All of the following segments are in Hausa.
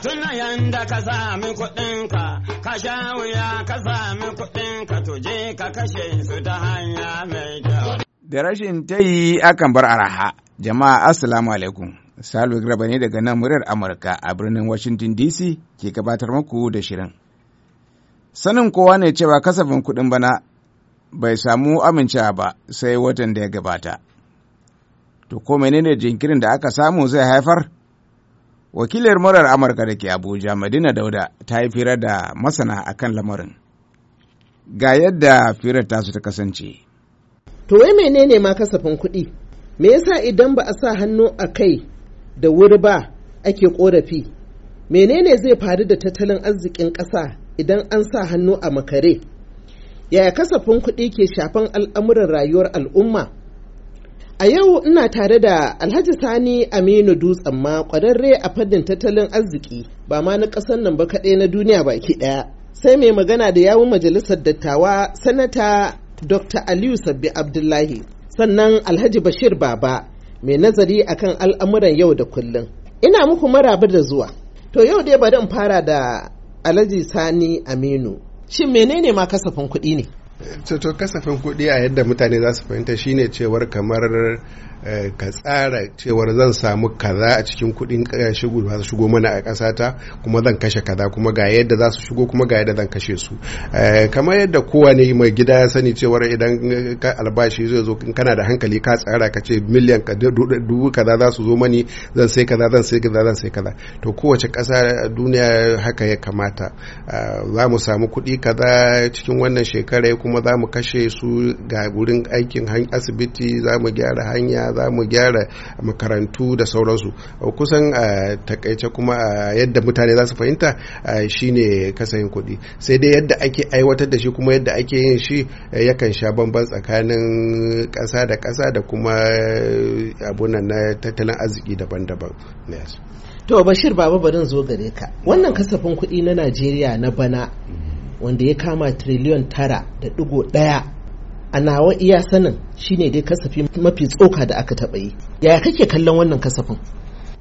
ka tuna yanda ka sami kuɗinka, ka sha wuya ka sami kuɗinka ka kashe su ta hanya mai kyau. Da rashin ta yi akan bar araha, jama'a assalamu alaikum. Salu Graba ne daga nan muryar Amurka a birnin Washington DC ke gabatar muku da shirin. Sanin kowa ne cewa kasafin kuɗin bana bai samu amincewa ba sai watan da ya gabata. To ko menene jinkirin da aka samu zai haifar? wakilar murar amurka da ke abuja madina dauda ta yi fira da masana a kan lamarin ga yadda firar tasu ta kasance to wai menene ma kasafin kuɗi me yasa idan ba a sa hannu a kai da wuri ba ake korafi menene zai faru da tattalin arzikin ƙasa idan an sa hannu a makare yaya kasafin kuɗi ke shafan al'amuran rayuwar al'umma A yau ina tare da Alhaji Sani Aminu Dutsen ma kwararre a fannin tattalin arziki ba ma na ƙasar nan ba kaɗai na duniya baki ɗaya. Sai mai magana da yawun majalisar dattawa Sanata Dr. Aliyu Sabbi Abdullahi sannan Alhaji Bashir Baba mai nazari akan al'amuran yau da kullum. Ina muku maraba da zuwa. To yau dai bari in fara da Alhaji Sani Aminu. Shin menene ma kasafin kuɗi ne? to kasafin kuɗi a yadda mutane za su fahimta shine cewar kamar Eh, ka tsara cewar zan samu kaza a cikin kudin shigo za su shigo mana a ƙasata kuma zan kashe kaza kuma ga yadda za su shigo kuma ga yadda zan kashe su eh, kamar yadda kowa ne mai gida ya sani cewar idan ka albashi zai zo in kana da hankali ka tsara ka ce miliyan dubu kaza za su zo mani zan sai kaza zan sai kaza zan sai kaza to kowace ƙasa duniya haka ya kamata eh, za mu samu kuɗi kaza cikin wannan shekara kuma za mu kashe su ga wurin aikin asibiti za mu gyara hanya za mu gyara makarantu da sauransu kusan a takaice kuma a yadda mutane za su fahimta shine kasayin kuɗi sai dai yadda ake aiwatar da shi kuma yadda ake yin shi eh, yakan sha bamban tsakanin ƙasa da ƙasa da kuma eh, abunan na tattalin arziki daban-daban to bashir baba barin zo gare ka wannan kasafin kuɗi na najeriya na bana mm. wanda ya kama tiriliyon tara da ɗigo ɗaya a nawa iya sanin shine dai kasafi mafi tsoka da aka taɓa yi yaya kake kallon wannan kasafin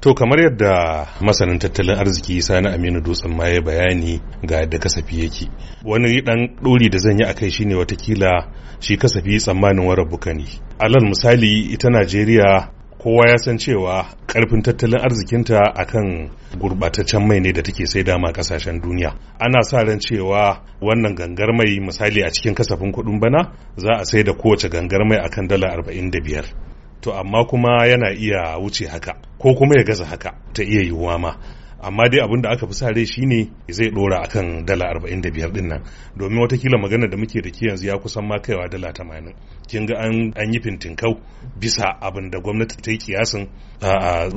To kamar yadda masanin tattalin arziki Sani Aminu Dutsen ma ya bayani ga yadda kasafi yake. Wani dan ɗori da zan yi a kai shine watakila shi kasafi tsammanin warabuka ne. Alal misali ita Najeriya kowa ya san cewa karfin tattalin arzikinta akan gurbataccen mai ne da take sai dama kasashen duniya ana sa ran cewa wannan gangar mai misali a cikin kasafin kuɗin bana za a sai da kowace gangar mai akan dala 45 to amma kuma yana iya wuce haka ko kuma ya gaza haka ta iya yiwuwa ma amma dai abin da aka fi sa rai ne zai dora kan dala arba'in da din nan domin watakila magana da muke da ke yanzu ya kusan ma kaiwa dala tamanin kin ga an yi fintin kau bisa abin da gwamnati ta yi kiyasin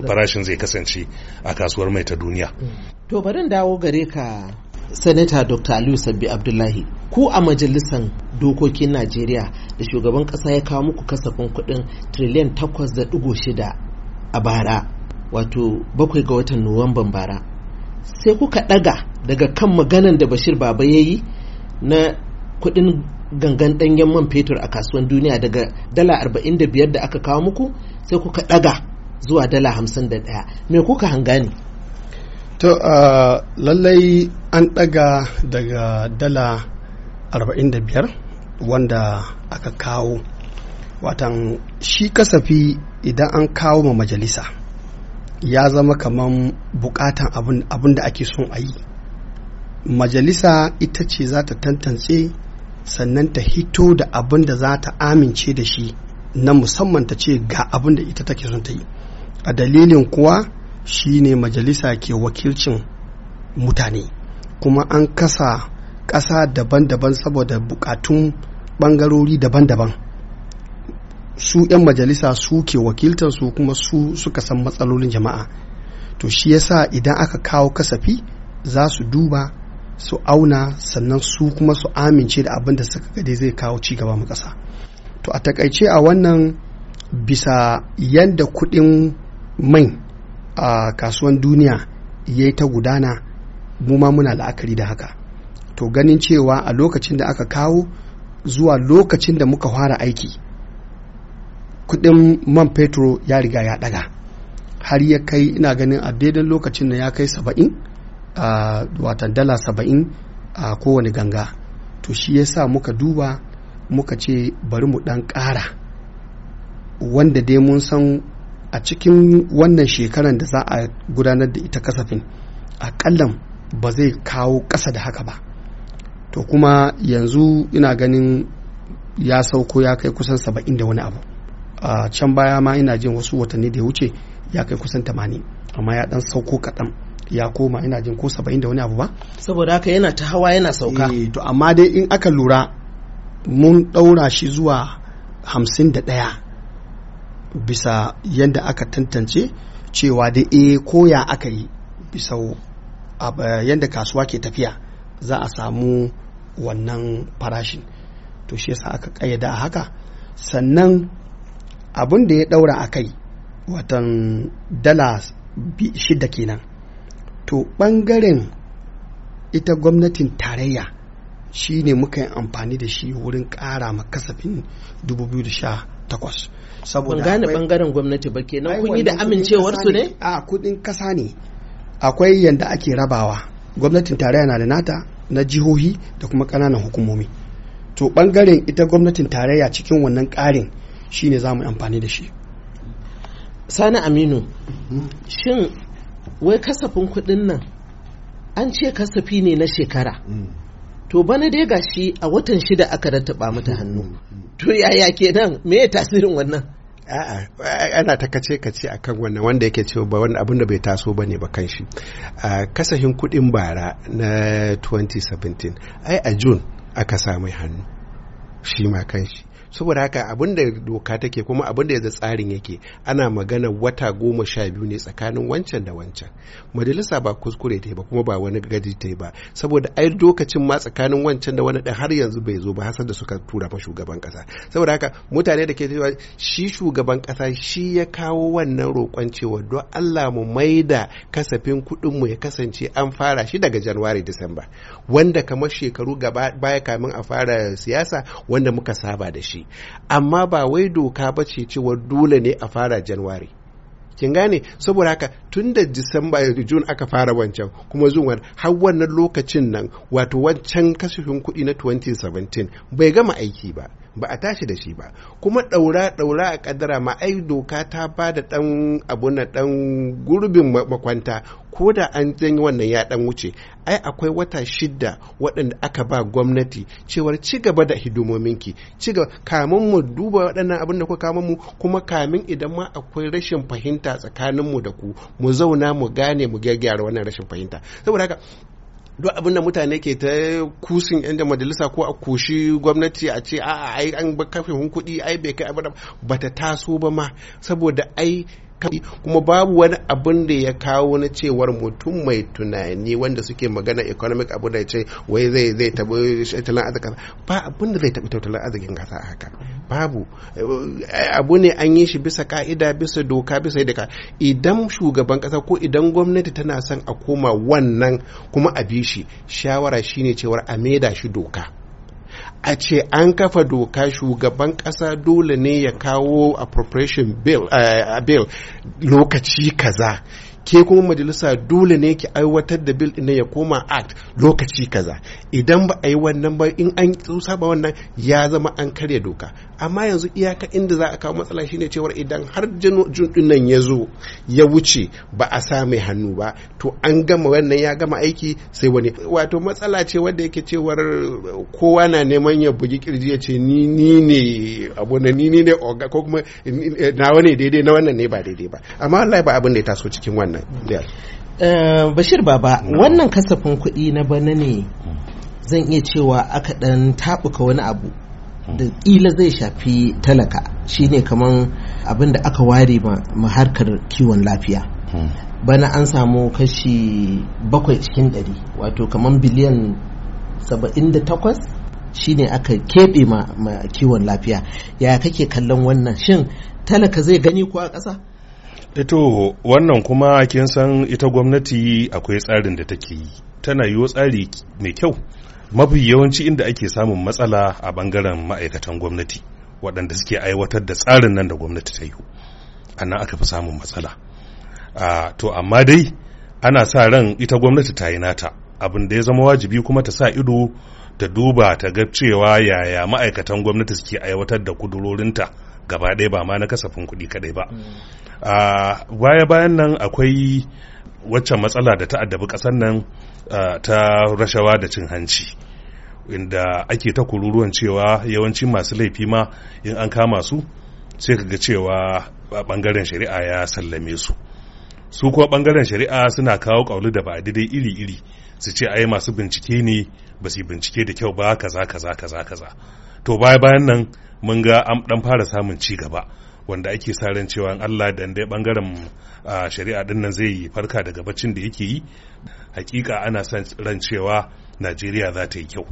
farashin zai kasance a kasuwar mai ta duniya to bari dawo gare ka sanata dr aliyu sabbi abdullahi ku a majalisan dokokin najeriya da shugaban kasa ya kawo muku kasafin kuɗin triliyan shida a bara wato bakwai ga watan nuwamban bara sai kuka ɗaga daga kan maganan da bashir baba ya yi na kuɗin gangan ɗanyen man fetur a kasuwan duniya daga dala 45 da aka kawo muku sai kuka ɗaga zuwa dala 51 me kuka hangani to lallai an ɗaga daga dala 45 wanda aka kawo watan shi kasafi idan an kawo ma majalisa ya zama kaman bukatan abin da ake son a yi majalisa ita ce za ta tantance sannan ta hito da abin da za ta amince da shi na musamman ta ce ga abin da ita take son ta yi a dalilin kuwa shine majalisa ke wakilcin mutane kuma an kasa ƙasa daban-daban saboda bukatun ɓangarori daban-daban su 'yan majalisa su ke wakiltar su kuma su suka san matsalolin jama'a to shi yasa idan aka kawo kasafi za su duba su auna sannan su kuma su amince da abin da suka gade zai kawo ci gaba mu ƙasa to a takaice a wannan bisa yadda kuɗin mai a kasuwan duniya ya yi ta gudana mu ma muna la'akari da haka to ganin cewa a lokacin da aka kawo zuwa lokacin da muka fara aiki kudin man fetur ya riga ya daga har ya kai ina ganin a daidan lokacin da ya kai saba'in watan dala saba'in a kowane ganga to shi ya sa muka duba muka ce bari mu dan kara wanda dai mun san a cikin wannan shekaran da za a gudanar da ita kasafin aƙallan ba zai kawo ƙasa da haka ba to kuma yanzu ina ganin ya sauko ya kai kusan saba'in da wani abu a can baya ma ina jin wasu watanni da ya wuce ya kai kusan 80 amma ya dan sauko kaɗan ya koma ina jin ko 70 da wani abu ba saboda haka yana ta hawa yana sauka eh, to amma dai in aka lura mun ɗaura shi zuwa hamsin da 51 bisa yadda aka tantance cewa da e eh, koya aka yi bisa yadda kasuwa ke tafiya za a samu wannan farashin to shi yasa aka ƙayyada haka sannan abin da ya daura a kai watan dala shida kenan to bangaren ita gwamnatin tarayya shi ne muka yi amfani da shi wurin ƙara ma kasafin 2018 saboda gane bangaren gwamnati ba kenan kun yi da amincewar su ne a kudin kasa ne akwai yadda ake rabawa gwamnatin tarayya na da nata na jihohi da kuma ƙananan hukumomi to bangaren ita gwamnatin tarayya cikin wannan ƙarin Shi ne za mu amfani da shi sani aminu hmm? shin wai kasafin kuɗin nan an ce kasafi ne na shekara hmm. to bana dai gashi a watan shida aka rattaba mata hmm, hannu to yaya kenan me ya tasirin wannan a'a ana ta kace kace akan wannan wanda yake cewa ba wanda abin da bai taso bane ba kan shi kasahin kuɗin bara na 2017 ai a june aka samu hannu shi ma kanshi saboda haka abinda doka take kuma abinda da yanzu tsarin yake ana magana wata goma sha biyu ne tsakanin wancan da wancan majalisa ba kuskure ta ba kuma ba wani gadi ta ba saboda ai lokacin ma tsakanin wancan da wani dan har yanzu bai zo ba hasar da suka tura fa shugaban kasa saboda haka mutane da ke cewa shi shugaban ƙasa shi ya kawo wannan roƙon cewa don Allah mu maida kasafin kuɗin mu ya kasance an fara shi daga Januwari Disamba wanda kamar shekaru gaba baya kamin a fara siyasa wanda muka saba da shi amma ba wai doka ba ce cewa dole ne a fara januwari kin gane saboda haka tun da disamba june aka fara wancan kuma zuwa har wannan lokacin nan wato wancan kasafin kuɗi na 2017 bai gama aiki ba ba a tashi da shi ba kuma ɗaura ɗaura a kadara ma ai doka ta ba da ɗan abu na ɗan gurbin makwanta ko da an janyi wannan ya dan wuce ai akwai wata shida waɗanda aka ba gwamnati cewar ci gaba da hidimominki ci gaba kamin mu duba waɗannan abin da kuka mu kuma kamin idan ma akwai rashin fahimta tsakanin mu da ku mu zauna mu gane mu gyaggyara wannan rashin fahimta saboda haka duk abin da mutane ke ta kusin yan da majalisa ko a kushi gwamnati a ce a ai an kafin kuɗi ai bai kai abin ba ta taso ba ma saboda ai kai kuma babu wani abin da ya kawo na cewar mutum mai tunani wanda suke magana economic abu da ce wai zai zai tabi tattalin arzikin ba abin da zai tabo tattalin arzikin kasa haka babu eh, abu ne an yi shi bisa ka'ida bisa doka bisa yadda idan shugaban kasa ko idan gwamnati tana son a koma wannan kuma a bi shi shawara shine cewar a maida shi doka a ce an kafa doka shugaban kasa dole ne ya kawo appropriation bill, uh, bill lokaci kaza ke kuma majalisa dole ne ki aiwatar da bill ne ya koma act lokaci kaza idan ba a yi wannan ba in an saba wannan ya zama an karya doka amma yanzu iyaka inda za a kawo matsala shine cewar idan har jun nan ya zo ya wuce ba a sa mai hannu ba to an gama wannan ya gama aiki sai wani wato matsala ce wanda yake cewar kowa na neman ya bugi kirji ya ce ni ni ne abu na ni ni ne oga ko kuma na wani daidai na wannan ne ba daidai ba amma wallahi ba abin da ya taso cikin wannan eh, bashir baba mm. wannan kasafin kuɗi na bana ne zan iya cewa aka ɗan taɓuka wani abu da ƙila zai shafi talaka shine kamar abin da aka ware ma harkar kiwon lafiya hmm. bana an samu kashi bakwai cikin ɗari wato kamar biliyan 78 shine aka keɓe ma, kiwon lafiya ya kake kallon wannan shin talaka zai gani ko a ƙasa ito eh wannan kuma kin san ita gwamnati akwai tsarin da take yi tana yiwo tsari mai kyau mafi yawanci inda ake samun matsala a bangaren ma'aikatan gwamnati waɗanda suke aiwatar da tsarin nan da gwamnati ta yi a nan aka fi samun matsala to amma dai ana sa ran ita gwamnati ta yi nata abin da ya zama wajibi kuma ta sa ido ta duba ta ga cewa yaya ma'aikatan gwamnati suke aiwatar da kudurorinta gaba ɗaya ba ma na kasafin kuɗi kaɗai ba baya mm. bayan nan akwai waccan matsala da ta addabi ƙasar nan ta rashawa da cin hanci inda ake ta kururuwan cewa yawancin masu laifi ma in an kama su sai ga cewa bangaren shari'a ya sallame su su kuma bangaren shari'a suna kawo kaulu da ba daidai iri-iri su ce ai masu bincike ne ba su bincike da kyau ba kaza kaza kaza kaza to baya bayan nan mun ga an dan fara samun ci gaba wanda ake sa ran cewa Allah da dai bangaren shari'a din nan zai farka daga baccin da yake yi hakika ana san ran cewa Najeriya za ta yi kyau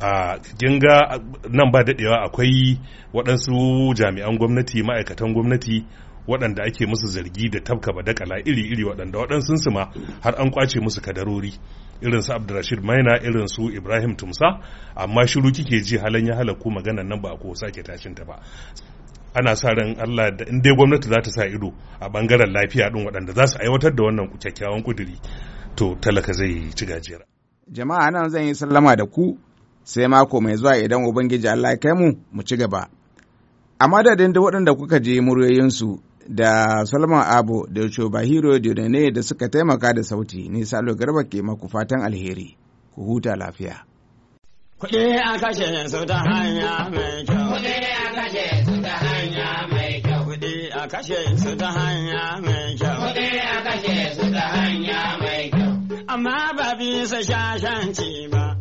a ginga nan ba dadewa akwai waɗansu jami'an gwamnati ma'aikatan gwamnati waɗanda ake musu zargi da tabka badakala iri-iri waɗanda waɗansu su ma har an kwace musu kadarori irin su Abdulrashid Maina irin su Ibrahim Tumsa amma shiru kike ji halan ya halaku maganan nan ba ko sake tashin ta ba ana sa ran Allah da in dai gwamnati za ta sa ido a bangaren lafiya din waɗanda za su aiwatar da wannan kyakkyawan kuduri to talaka zai ci gajiyar. Jama'a nan zan yi sallama da ku sai mako mai zuwa idan Ubangiji Allah ya kai mu mu ci gaba. A madadin da waɗanda kuka je muryoyinsu da Salman Abu da Bahiro ne da suka taimaka da sauti ni Salo Garba ke maku fatan alheri. Ku huta lafiya. Kuɗi a kashe su ta hanya mai kyau. Kuɗi a kashe kashe su ta hanya mai kyau. Kuɗi a kashe su ta hanya mai kyau. Amma ba bisa shashanci ba.